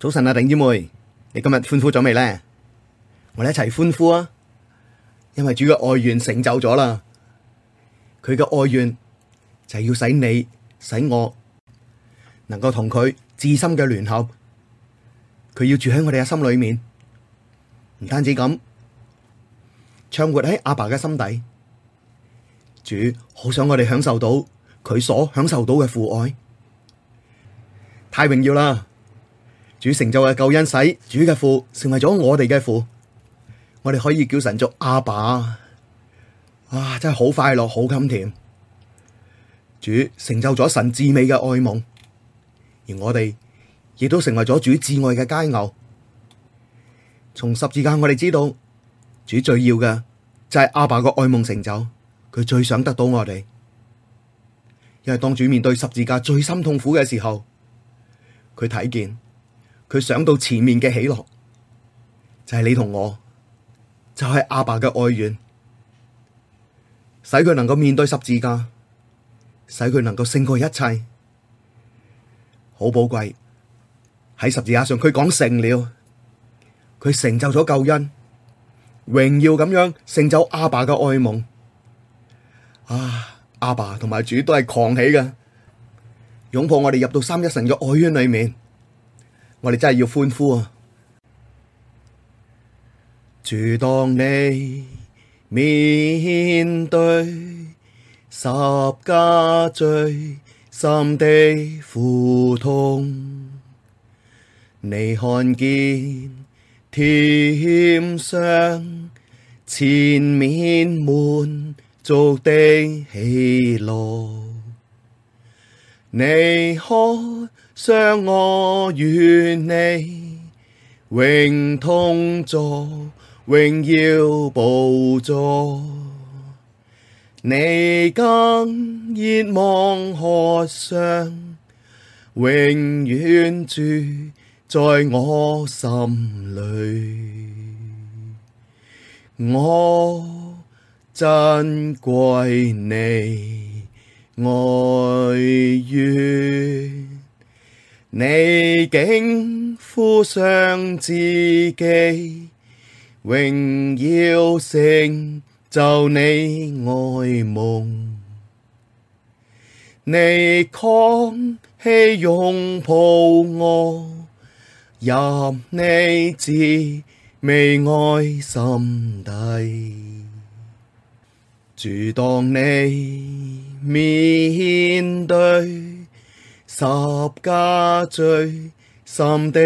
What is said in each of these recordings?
早晨啊，頂姐妹，你今日歡呼咗未呢？我哋一齊歡呼啊！因為主嘅愛願成就咗啦，佢嘅愛願就係要使你、使我能夠同佢至深嘅聯合。佢要住喺我哋嘅心裏面，唔單止咁，暢活喺阿爸嘅心底。主好想我哋享受到佢所享受到嘅父愛，太榮耀啦！主成就嘅救恩使主嘅父成為咗我哋嘅父，我哋可以叫神做阿爸，哇、啊！真係好快樂，好甘甜。主成就咗神至美嘅愛夢，而我哋亦都成為咗主至愛嘅佳偶。從十字架我哋知道，主最要嘅就係阿爸嘅愛夢成就，佢最想得到我哋。又係當主面對十字架最深痛苦嘅時候，佢睇見。佢想到前面嘅喜樂，就係你同我，就係阿爸嘅愛願。使佢能夠面對十字架，使佢能夠勝過一切，好寶貴。喺十字架上，佢講成了，佢成就咗救恩，榮耀咁樣成就阿爸嘅愛夢。啊，阿爸同埋主都係狂喜嘅，擁抱我哋入到三一神嘅愛恩裏面。我哋真係要歡呼啊！主當你面對十架最深的苦痛，你看見甜想前面滿足的喜樂。你渴想我與你永同坐，榮耀寶座。你更熱望渴想，永遠住在我心裡，我珍貴你。愛願，你竟付上自己，榮耀成就你愛夢，你狂喜擁抱我，入你至美愛心底，主當你。面對十架最深的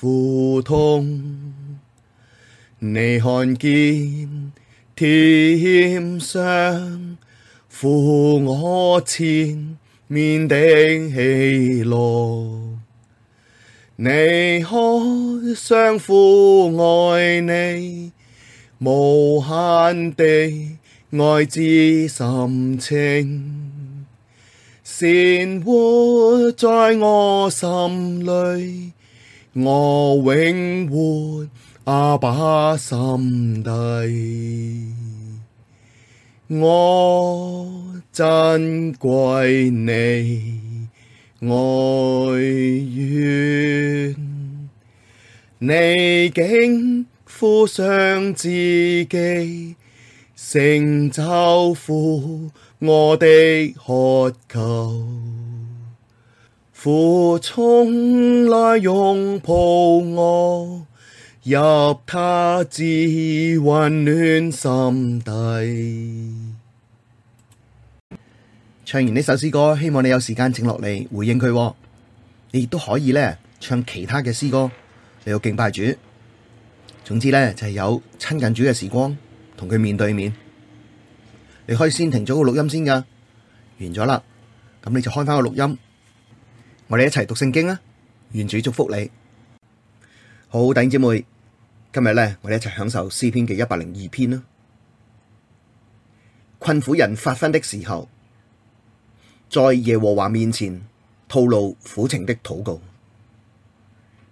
苦痛，你看見甜想父、我前面的喜樂。你渴想父愛你無限的，愛至深情，鮮活在我心裡，我永活阿爸心底，我珍貴你愛願，你竟付上自己。成就父我的渴求，父衝來擁抱我，入他至溫暖心底。唱完呢首詩歌，希望你有時間靜落嚟回應佢喎。你亦都可以咧唱其他嘅詩歌嚟要敬拜主。總之咧就係有親近主嘅時光。同佢面對面，你可以先停咗個錄音先噶。完咗啦，咁你就開翻個錄音，我哋一齊讀聖經啊！願主祝福你，好，好弟兄姊妹，今日咧我哋一齊享受詩篇嘅一百零二篇啦。困苦人發昏的時候，在耶和華面前吐露苦情的禱告，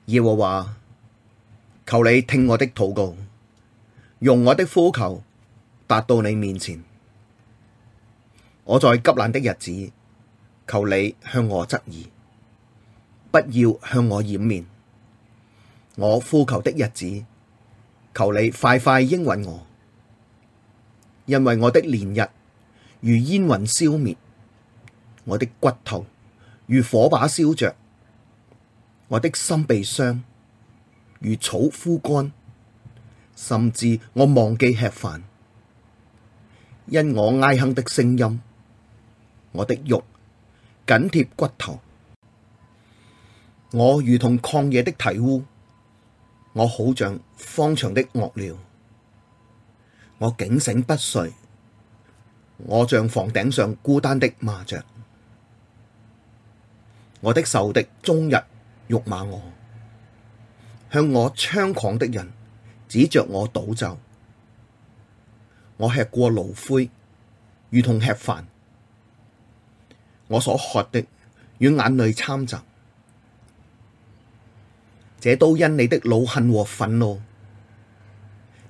耶和華啊，求你聽我的禱告。容我的呼求達到你面前，我在急難的日子，求你向我側耳，不要向我掩面。我呼求的日子，求你快快應允我，因為我的年日如煙雲消滅，我的骨頭如火把燒着，我的心被傷如草枯乾。甚至我忘記吃飯，因我唉哼的聲音，我的肉緊貼骨頭，我如同曠野的鵜鶘，我好像荒場的鴞鳥，我警醒不睡，我像房頂上孤單的麻雀，我的仇敵終日辱罵我，向我猖狂的人。指着我倒酒。我吃過爐灰，如同吃飯；我所喝的與眼淚摻雜，這都因你的惱恨和憤怒。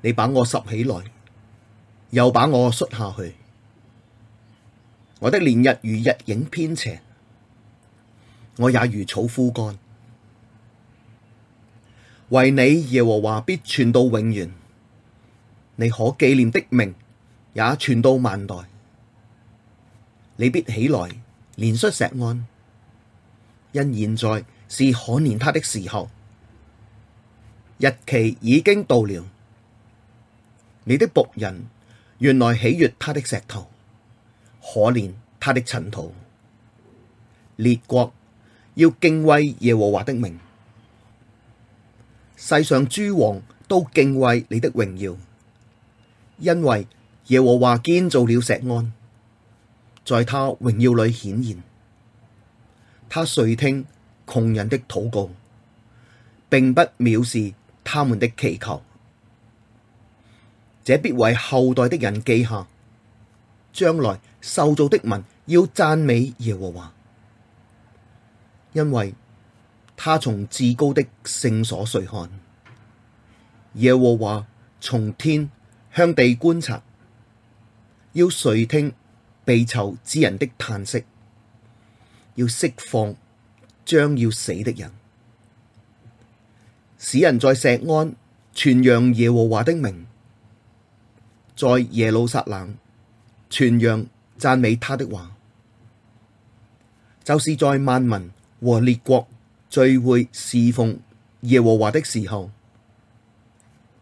你把我拾起來，又把我摔下去，我的年日如日影偏斜，我也如草枯乾。惟你，耶和華必存到永遠；你可紀念的名也傳到萬代。你必起來，憐恤錫安，因現在是可憐他的時候。日期已經到了，你的僕人原來喜悅他的石頭，可憐他的塵土。列國要敬畏耶和華的名。世上諸王都敬畏你的榮耀，因為耶和華建造了錫安，在他榮耀裏顯現，他垂聽窮人的禱告，並不藐視他們的祈求。這必為後代的人記下，將來受造的民要讚美耶和華，因為。他從至高的聖所垂看，耶和華從天向地觀察，要垂聽被囚之人的嘆息，要釋放將要死的人，使人在錫安傳揚耶和華的名，在耶路撒冷傳揚讚美他的話，就是在萬民和列國。聚會侍奉耶和華的時候，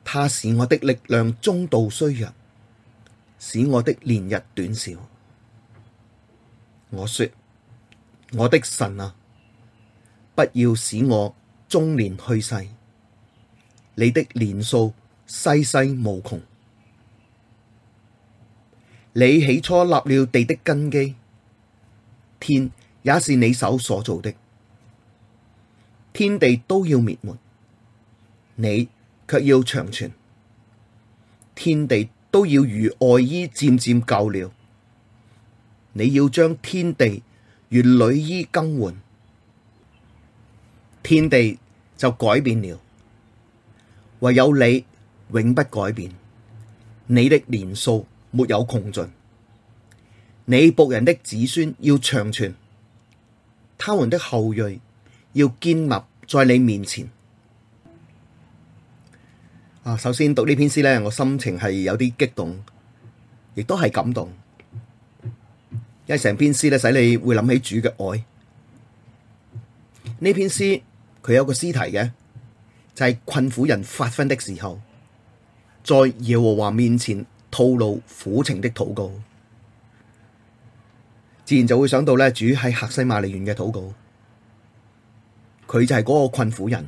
他使我的力量中道衰弱，使我的年日短少。我說：我的神啊，不要使我中年去世。你的年數世世無窮。你起初立了地的根基，天也是你手所造的。天地都要滅沒，你卻要長存。天地都要如外衣漸漸舊了，你要將天地如裡衣更換，天地就改變了。唯有你永不改變，你的年數沒有窮盡，你僕人的子孫要長存，他們的後裔。要堅立在你面前啊！首先讀呢篇詩咧，我心情係有啲激動，亦都係感動，因為成篇詩咧使你會諗起主嘅愛。呢篇詩佢有個詩題嘅，就係、是、困苦人發昏的時候，在耶和華面前吐露苦情的禱告，自然就會想到咧主喺客西馬尼園嘅禱告。佢就係嗰個困苦人，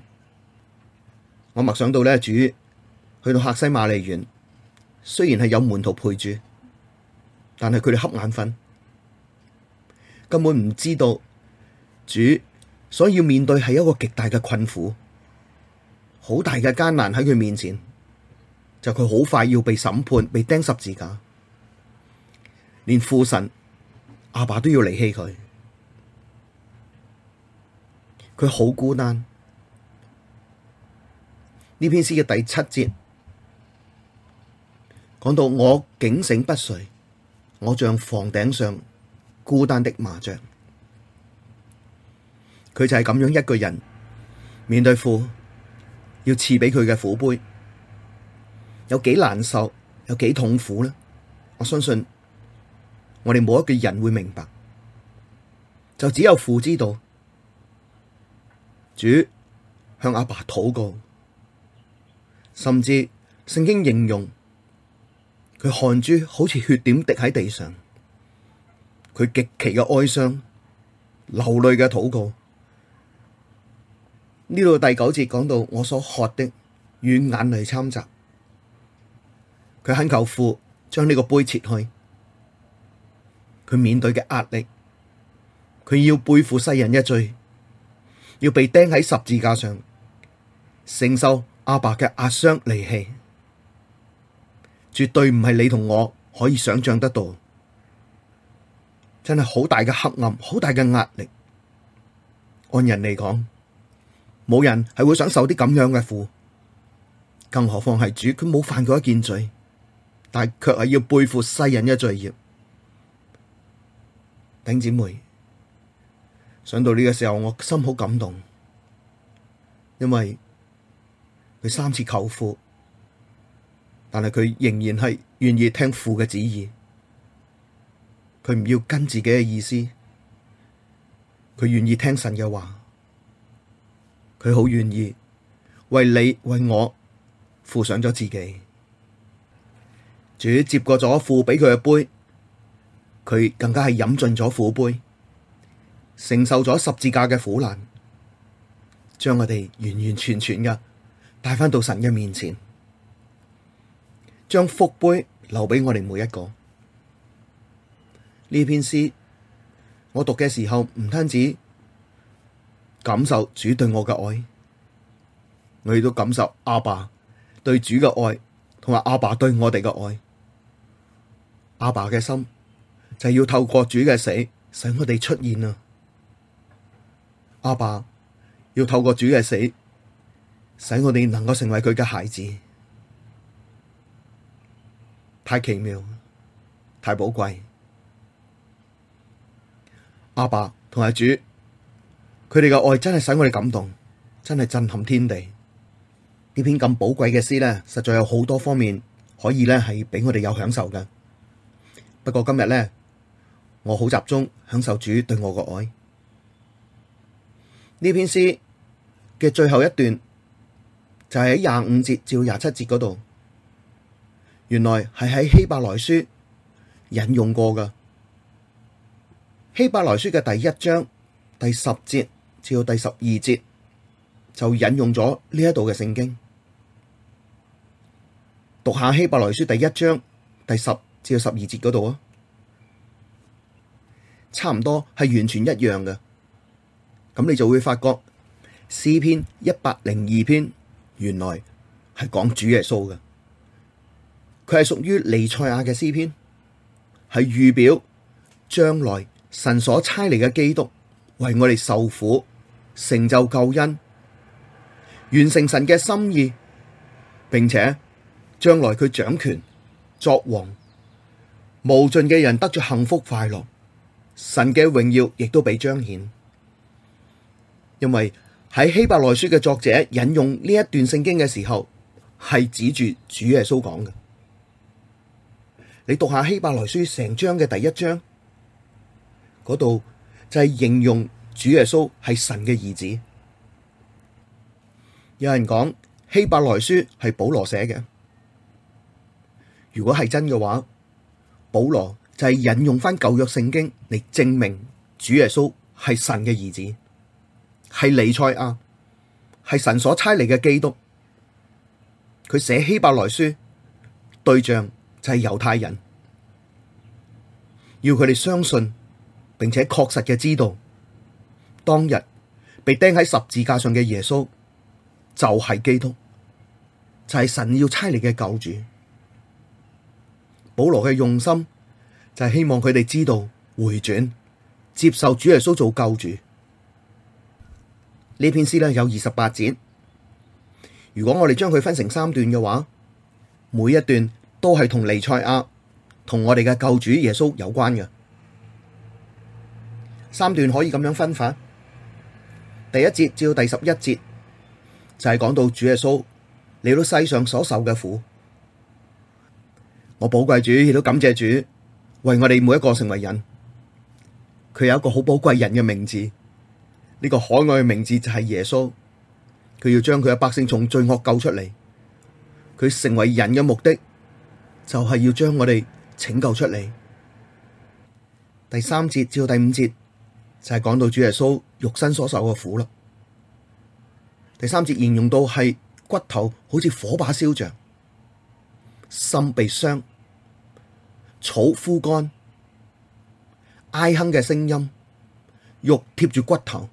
我默想到咧，主去到客西馬尼園，雖然係有門徒陪住，但係佢哋瞌眼瞓，根本唔知道主所要面對係一個極大嘅困苦，好大嘅艱難喺佢面前，就佢、是、好快要被審判，被釘十字架，連父神阿爸、爸都要離棄佢。佢好孤單。呢篇詩嘅第七節講到，我警醒不睡，我像房頂上孤單的麻雀。佢就係咁樣一個人面對父，要賜俾佢嘅苦杯，有幾難受，有幾痛苦呢？我相信我哋冇一個人會明白，就只有父知道。主向阿爸禱告，甚至聖經形容佢汗珠好似血點滴喺地上，佢極其嘅哀傷，流淚嘅禱告。呢度第九節講到，我所喝的與眼淚摻雜，佢懇求父將呢個杯撤去，佢面對嘅壓力，佢要背負世人一罪。要被釘喺十字架上，承受阿爸嘅壓傷離棄，絕對唔係你同我可以想象得到，真係好大嘅黑暗，好大嘅壓力。按人嚟講，冇人係會想受啲咁樣嘅苦，更何況係主，佢冇犯過一件罪，但係卻係要背負世人嘅罪孽，弟兄姊妹。想到呢個時候，我心好感動，因為佢三次求父，但係佢仍然係願意聽父嘅旨意，佢唔要跟自己嘅意思，佢願意聽神嘅話，佢好願意為你為我付上咗自己，主接過咗父畀佢嘅杯，佢更加係飲盡咗父杯，承受咗十字架嘅苦難，將我哋完完全全嘅帶翻到神嘅面前，將福杯留俾我哋每一個。呢篇詩我讀嘅時候唔單止感受主對我嘅愛，我亦都感受阿爸對主嘅愛，同埋阿爸對我哋嘅愛。阿爸嘅心就係要透過主嘅死，使我哋出現啊！阿爸要透過主嘅死，使我哋能夠成為佢嘅孩子，太奇妙，太寶貴。阿爸同阿主，佢哋嘅愛真係使我哋感動，真係震撼天地。呢篇咁寶貴嘅詩咧，實在有好多方面可以咧係俾我哋有享受嘅。不過今日咧，我好集中享受主對我嘅愛。呢篇詩嘅最後一段就係喺廿五節至廿七節嗰度，原來係喺希伯來書引用過噶。希伯來書嘅第一章第十節至到第十二節就引用咗呢一度嘅聖經。讀下希伯來書第一章第十至到十二節嗰度啊，差唔多係完全一樣嘅。咁你就會發覺詩篇一百零二篇原來係講主耶穌嘅，佢係屬於彌賽亞嘅詩篇，係預表將來神所差嚟嘅基督為我哋受苦、成就救恩、完成神嘅心意，並且將來佢掌權作王，無盡嘅人得咗幸福快樂，神嘅榮耀亦都俾彰顯。因為喺希伯來書嘅作者引用呢一段聖經嘅時候，係指住主耶穌講嘅。你讀下希伯來書成章嘅第一章，嗰度就係形容主耶穌係神嘅兒子。有人講希伯來書係保羅寫嘅，如果係真嘅話，保羅就係引用翻舊約聖經嚟證明主耶穌係神嘅兒子。係彌賽亞，係神所差嚟嘅基督。佢寫希伯來書對象就係猶太人，要佢哋相信，並且確實嘅知道當日被釘喺十字架上嘅耶穌就係基督，就係、是、神要差嚟嘅救主。保羅嘅用心就係希望佢哋知道回轉，接受主耶穌做救主。呢篇詩咧有二十八節，如果我哋將佢分成三段嘅話，每一段都係同彌賽亞、同我哋嘅救主耶穌有關嘅。三段可以咁樣分法，第一節至到第十一節就係、是、講到主耶穌，你都世上所受嘅苦，我寶貴主，亦都感謝主，為我哋每一個成為人，佢有一個好寶貴人嘅名字。呢個海外嘅名字就係耶穌，佢要將佢嘅百姓從罪惡救出嚟。佢成為人嘅目的，就係要將我哋拯救出嚟。第三節至到第五節就係、是、講到主耶穌肉身所受嘅苦啦。第三節形容到係骨頭好似火把燒着，心被傷，草枯乾，唉哼嘅聲音，肉貼住骨頭。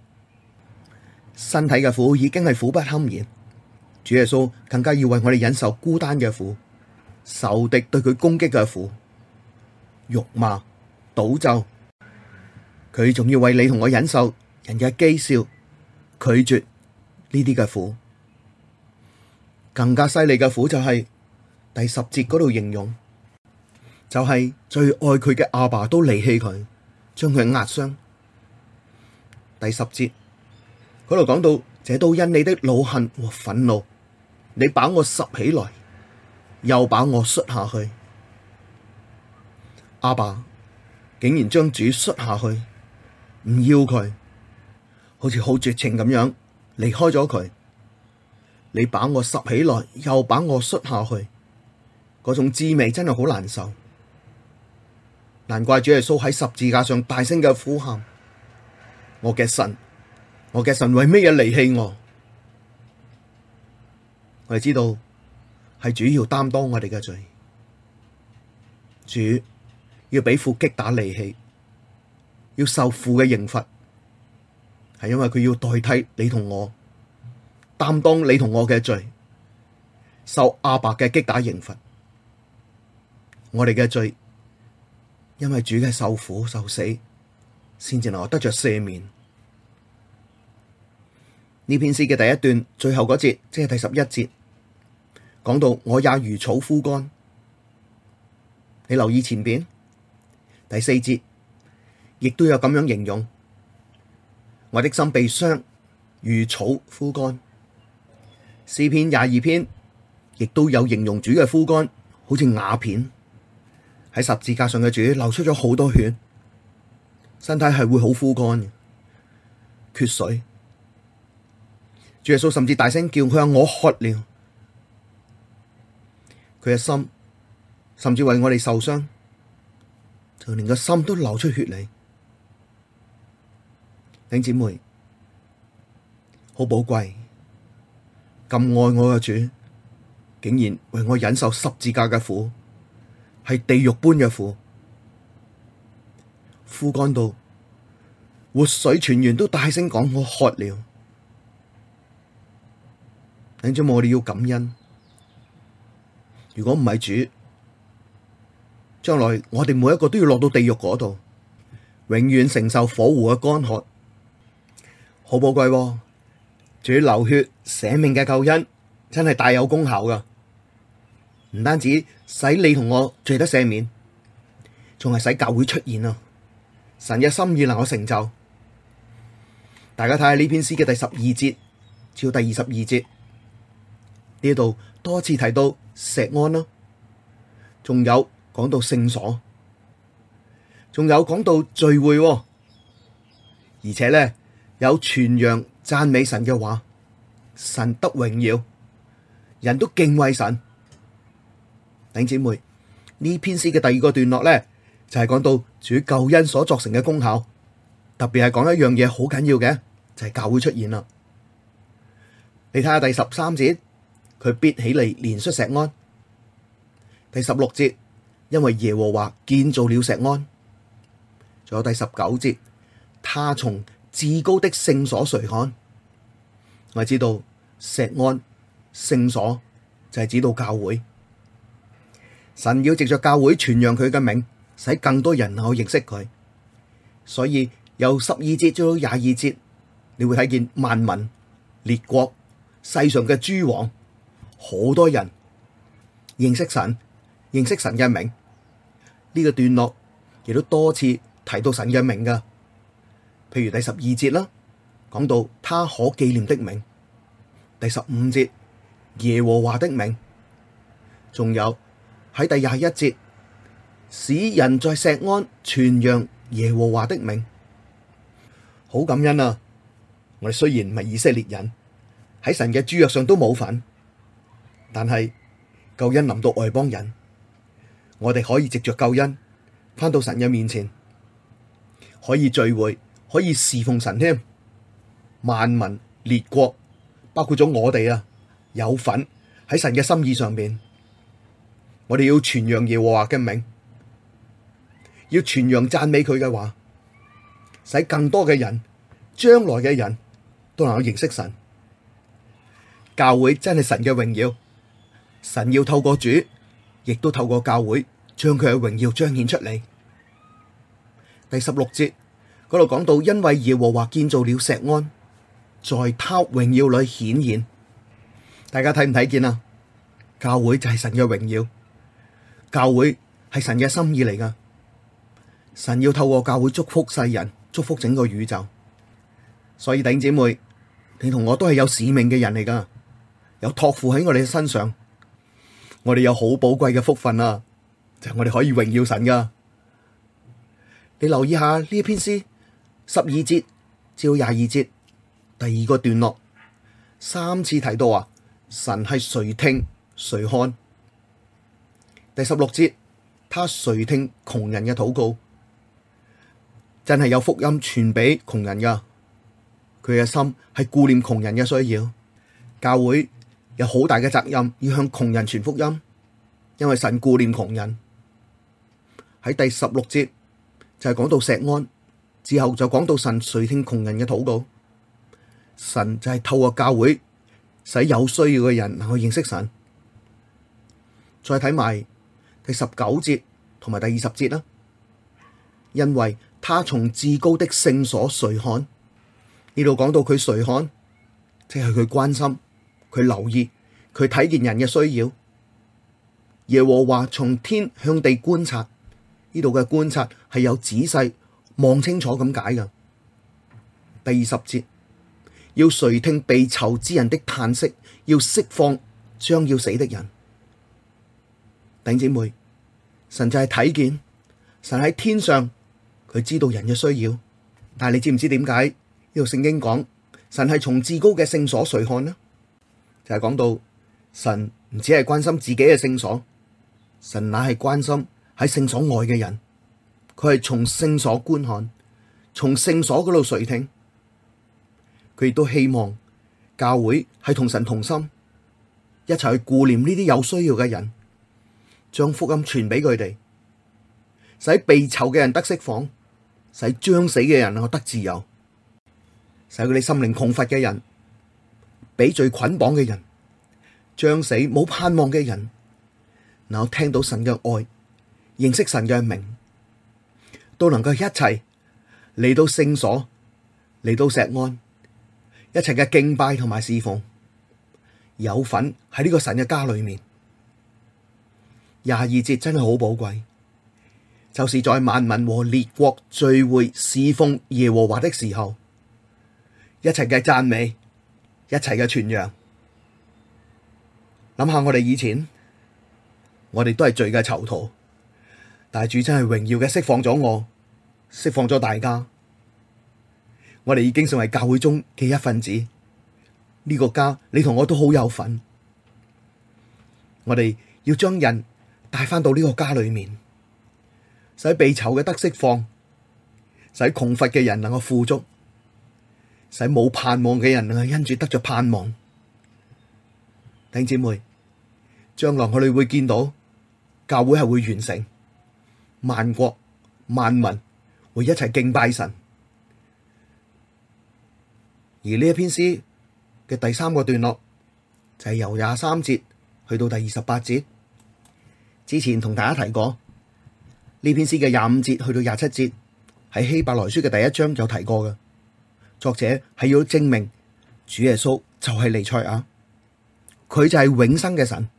身體嘅苦已經係苦不堪言，主耶穌更加要為我哋忍受孤單嘅苦、仇敵對佢攻擊嘅苦、辱罵、詛咒，佢仲要為你同我忍受人嘅譏笑、拒絕呢啲嘅苦，更加犀利嘅苦就係第十節嗰度形容，就係最愛佢嘅阿爸都離棄佢，將佢壓傷。第十節。佢度講到，這都因你的惱恨和憤、哦、怒，你把我拾起來，又把我摔下去。阿爸竟然將主摔下去，唔要佢，好似好絕情咁樣離開咗佢。你把我拾起來，又把我摔下去，嗰種滋味真係好難受。難怪主耶穌喺十字架上大聲嘅呼喊：我嘅神！我嘅神為咩嘢離棄我？我哋知道係主要擔當我哋嘅罪，主要俾父擊打離棄，要受父嘅刑罰，係因為佢要代替你同我擔當你同我嘅罪，受阿爸嘅擊打刑罰，我哋嘅罪，因為主嘅受苦受死，先至能得着赦免。呢篇詩嘅第一段最後嗰節，即係第十一節，講到我也如草枯乾。你留意前邊第四節，亦都有咁樣形容，我的心被傷，如草枯乾。詩篇廿二篇亦都有形容主嘅枯乾，好似瓦片。喺十字架上嘅主流出咗好多血，身體係會好枯乾嘅，缺水。主耶穌甚至大聲叫，佢話我渴了，佢嘅心甚至為我哋受傷，就連個心都流出血嚟。弟兄姊妹，好寶貴，咁愛我嘅主，竟然為我忍受十字架嘅苦，係地獄般嘅苦，枯乾到活水泉源都大聲講我渴了。總之，我哋要感恩。如果唔係主，將來我哋每一個都要落到地獄嗰度，永遠承受火湖嘅乾渴。好寶貴，主流血捨命嘅救恩，真係大有功效噶。唔單止使你同我罪得赦免，仲係使教會出現啊！神嘅心意能夠成就。大家睇下呢篇詩嘅第十二節至到第二十二節。呢度多次提到錫安啦，仲有講到聖所，仲有講到聚會，而且咧有傳揚讚美神嘅話，神得榮耀，人都敬畏神。弟兄姊妹，呢篇詩嘅第二個段落咧，就係、是、講到主救恩所作成嘅功效，特別係講一樣嘢好緊要嘅，就係、是、教會出現啦。你睇下第十三節。佢必起嚟，憐恤錫安。第十六節，因為耶和華建造了錫安。仲有第十九節，他從至高的聖所垂看，我知道錫安聖所就係、是、指到教會。神要藉着教會傳揚佢嘅名，使更多人去認識佢。所以由十二節至到廿二節，你會睇見萬民、列國、世上嘅諸王。好多人認識神、認識神嘅名呢、這個段落，亦都多次提到神嘅名噶。譬如第十二節啦，講到他可紀念的名；第十五節耶和華的名；仲有喺第廿一節，使人在錫安傳揚耶和華的名。好感恩啊！我哋雖然唔係以色列人，喺神嘅諸約上都冇份。但係救恩臨到外邦人，我哋可以藉着救恩返到神嘅面前，可以聚會，可以侍奉神添。萬民列國包括咗我哋啊，有份喺神嘅心意上面。我哋要傳揚耶和華嘅名，要傳揚讚美佢嘅話，使更多嘅人，將來嘅人都能夠認識神。教會真係神嘅榮耀。神要透過主，亦都透過教會將佢嘅榮耀彰顯出嚟。第十六節嗰度講到，因為耶和華建造了錫安，在他榮耀裡顯現。大家睇唔睇見啊？教會就係神嘅榮耀，教會係神嘅心意嚟噶。神要透過教會祝福世人，祝福整個宇宙。所以弟兄姊妹，你同我都係有使命嘅人嚟噶，有託付喺我哋身上。我哋有好寶貴嘅福分啊！就係我哋可以榮耀神噶。你留意下呢一篇詩，十二節至廿二節第二個段落，三次提到啊，神係垂聽垂看？第十六節，他垂聽窮人嘅禱告？真係有福音傳俾窮人噶。佢嘅心係顧念窮人嘅需要，教會。有好大嘅責任，要向窮人傳福音，因為神顧念窮人。喺第十六節就係講到錫安，之後就講到神垂聽窮人嘅禱告，神就係透過教會使有需要嘅人能夠認識神。再睇埋第十九節同埋第二十節啦，因為他從至高的聖所垂看，呢度講到佢垂看，即係佢關心。佢留意，佢睇見人嘅需要。耶和華從天向地觀察，呢度嘅觀察係有仔細、望清楚咁解噶。第二十節，要垂聽被囚之人的嘆息，要釋放將要死的人。弟兄姐妹，神就係睇見，神喺天上，佢知道人嘅需要。但係你知唔知點解呢度聖經講神係從至高嘅聖所垂看呢？.就係講到神唔只係關心自己嘅聖所，神乃係關心喺聖所外嘅人。佢係從聖所觀看，從聖所嗰度垂聽。佢亦都希望教會係同神同心，一齊去顧念呢啲有需要嘅人，將福音傳俾佢哋，使被囚嘅人得釋放，使將死嘅人啊得，得自由，使佢哋心靈窮乏嘅人。俾罪捆綁嘅人，將死冇盼望嘅人，能夠聽到神嘅愛，認識神嘅名，都能夠一齊嚟到聖所，嚟到錫安，一齊嘅敬拜同埋侍奉，有份喺呢個神嘅家裏面。廿二節真係好寶貴，就是在萬民和列國聚會事奉耶和華的時候，一齊嘅讚美。一齊嘅傳揚，諗下我哋以前，我哋都係罪嘅囚徒，但係主真係榮耀嘅釋放咗我，釋放咗大家，我哋已經成為教會中嘅一份子。呢個家你同我都好有份，我哋要將人帶翻到呢個家裏面，使被囚嘅得釋放，使窮乏嘅人能夠富足。使冇盼望嘅人係因住得咗盼望。弟兄姊妹，將來我哋會見到教會係會完成，萬國萬民會一齊敬拜神。而呢一篇詩嘅第三個段落，就係由廿三節去到第二十八節。之前同大家提過呢篇詩嘅廿五節去到廿七節，喺希伯來書嘅第一章有提過嘅。作者係要證明主耶穌就係彌賽亞，佢就係永生嘅神。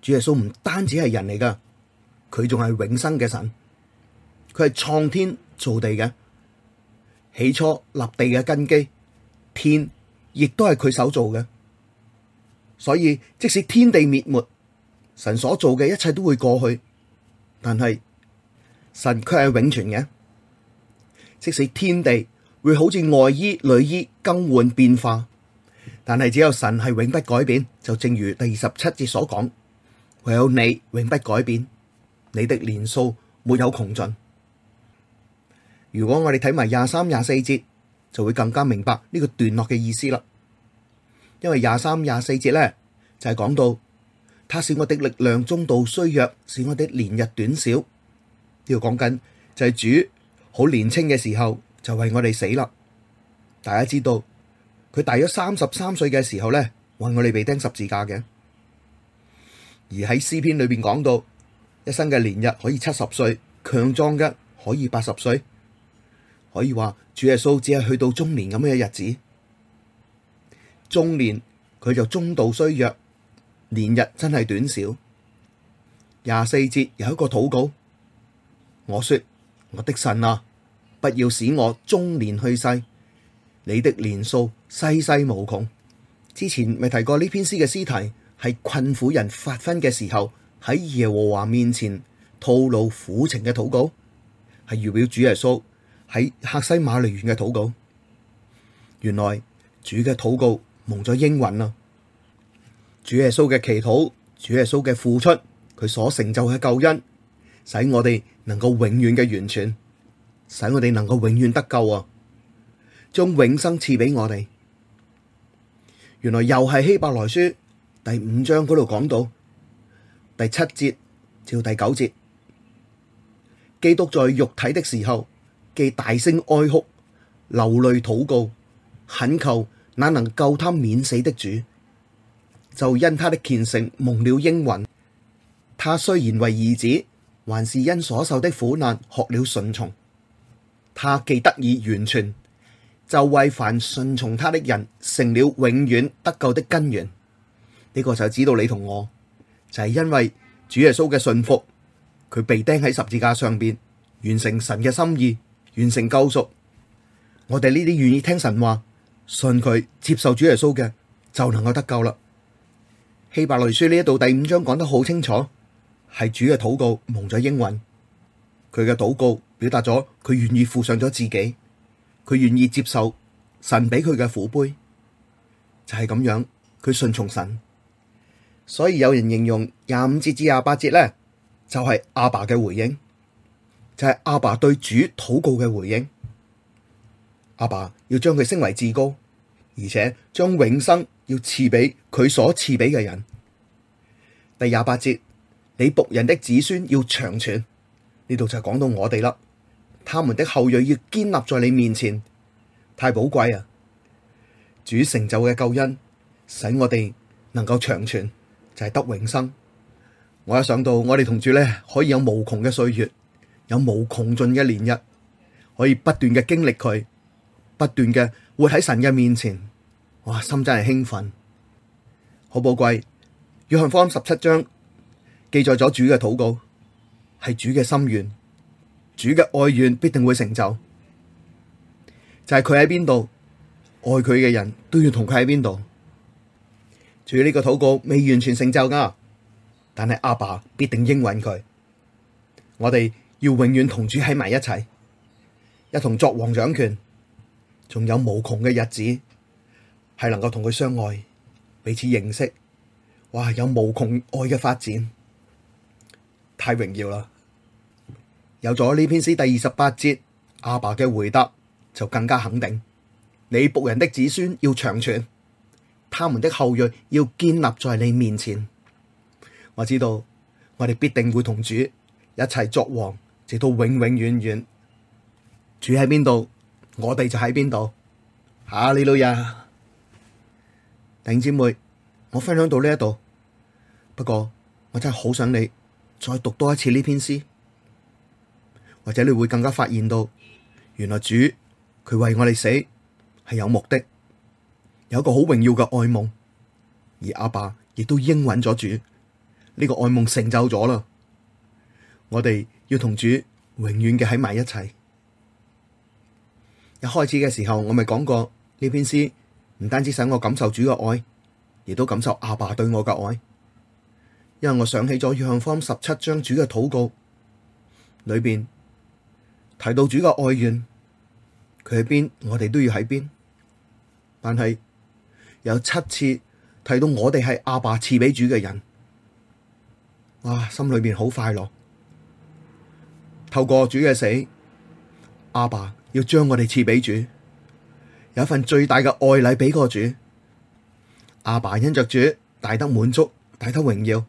主耶穌唔單止係人嚟㗎，佢仲係永生嘅神。佢係創天造地嘅，起初立地嘅根基，天亦都係佢手造嘅。所以即使天地滅沒，神所做嘅一切都會過去，但係神卻係永存嘅。即使天地會好似外衣、裡衣更換變化，但係只有神係永不改變。就正如第二十七節所講，惟有你永不改變，你的年數沒有窮盡。如果我哋睇埋廿三、廿四節，就會更加明白呢個段落嘅意思啦。因為廿三、廿四節咧就係、是、講到，他使我的力量中道衰弱，使我的年日短少。呢、這、度、個、講緊就係、是、主好年輕嘅時候。就為我哋死啦！大家知道佢大咗三十三歲嘅時候咧，為我哋被釘十字架嘅。而喺詩篇裏邊講到，一生嘅年日可以七十歲，強壯嘅可以八十歲。可以話主耶穌只係去到中年咁嘅日子，中年佢就中道衰弱，年日真係短少。廿四節有一個禱告，我說：我的神啊！不要使我中年去世，你的年數世世無窮。之前未提過呢篇詩嘅詩題係困苦人發昏嘅時候喺耶和華面前吐露苦情嘅禱告，係預表主耶穌喺客西馬尼園嘅禱告。原來主嘅禱告蒙咗應允啊！主耶穌嘅祈禱，主耶穌嘅付出，佢所成就嘅救恩，使我哋能夠永遠嘅完全。使我哋能夠永遠得救啊！將永生賜俾我哋。原來又係希伯來書第五章嗰度講到第七節照第九節。基督在肉體的時候，既大聲哀哭，流淚禱告，懇求那能救他免死的主，就因他的虔誠蒙了應允。他雖然為兒子，還是因所受的苦難學了順從。他既得以完全，就為凡順從他的人成了永遠得救的根源。呢、這個就係指到你同我，就係、是、因為主耶穌嘅信服，佢被釘喺十字架上邊，完成神嘅心意，完成救贖。我哋呢啲願意聽神話、信佢、接受主耶穌嘅，就能夠得救啦。希伯來書呢一度第五章講得好清楚，係主嘅禱告蒙咗應允，佢嘅禱告。表達咗佢願意付上咗自己，佢願意接受神俾佢嘅苦杯，就係咁樣佢順從神。所以有人形容廿五節至廿八節呢，就係阿爸嘅回應，就係阿爸對主禱告嘅回應。阿爸要將佢升為至高，而且將永生要賜俾佢所賜俾嘅人。第廿八節，你僕人的子孫要長存，呢度就係講到我哋啦。他們的後裔要堅立在你面前，太寶貴啊！主成就嘅救恩，使我哋能夠長存，就係、是、得永生。我一想到我哋同主咧，可以有無窮嘅歲月，有無窮盡嘅年日，可以不斷嘅經歷佢，不斷嘅活喺神嘅面前，哇！心真係興奮，好寶貴。約翰福音十七章記載咗主嘅禱告，係主嘅心願。主嘅愛願必定會成就，就係佢喺邊度，愛佢嘅人都要同佢喺邊度。主呢個禱告未完全成就啊，但係阿爸必定應允佢。我哋要永遠同主喺埋一齊，一同作王掌權，仲有無窮嘅日子係能夠同佢相愛，彼此認識。哇，有無窮愛嘅發展，太榮耀啦！有咗呢篇詩第二十八節，阿爸嘅回答就更加肯定：你僕人的子孫要長存，他們的後裔要堅立在你面前。我知道我哋必定會同主一齊作王，直到永永遠遠。主喺邊度，我哋就喺邊度。哈利路亞，弟兄姊妹，我分享到呢一度，不過我真係好想你再讀多一次呢篇詩。或者你會更加發現到，原來主佢為我哋死係有目的，有一個好榮耀嘅愛夢，而阿爸亦都應允咗主呢個愛夢成就咗啦。我哋要同主永遠嘅喺埋一齊。一開始嘅時候，我咪講過呢篇詩，唔單止使我感受主嘅愛，亦都感受阿爸對我嘅愛，因為我想起咗約翰福音十七章主嘅禱告裏邊。.提到主嘅愛願，佢喺邊，我哋都要喺邊。但係有七次提到我哋係阿爸賜俾主嘅人，哇，心裏面好快樂。透過主嘅死，阿爸要將我哋賜俾主，有一份最大嘅愛禮俾個主。阿爸因着主大得滿足，大得榮耀，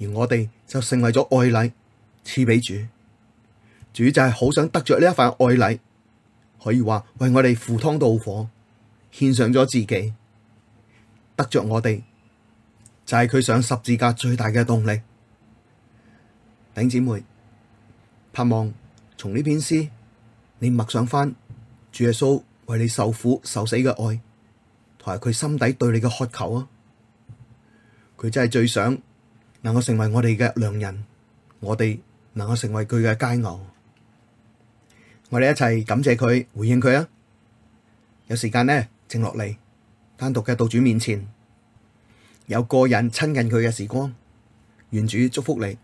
而我哋就成為咗愛禮賜俾主。主就係好想得着呢一份愛禮，可以話為我哋赴湯蹈火，獻上咗自己，得着我哋就係、是、佢想十字架最大嘅動力。頂姊妹，盼望從呢篇詩，你默想翻主耶穌為你受苦受死嘅愛，同埋佢心底對你嘅渴求啊！佢真係最想能夠成為我哋嘅良人，我哋能夠成為佢嘅佳偶。我哋一齊感謝佢，回應佢啊！有時間呢，靜落嚟，單獨嘅到主面前，有個人親近佢嘅時光，願主祝福你。